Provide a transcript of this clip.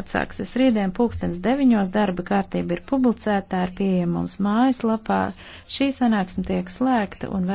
atsāksies rītdien pulkstens deviņos, darba kārtība ir publicēta, ir pieejama mums mājaslapā. Šī sanāksme tiek slēgta un vēl.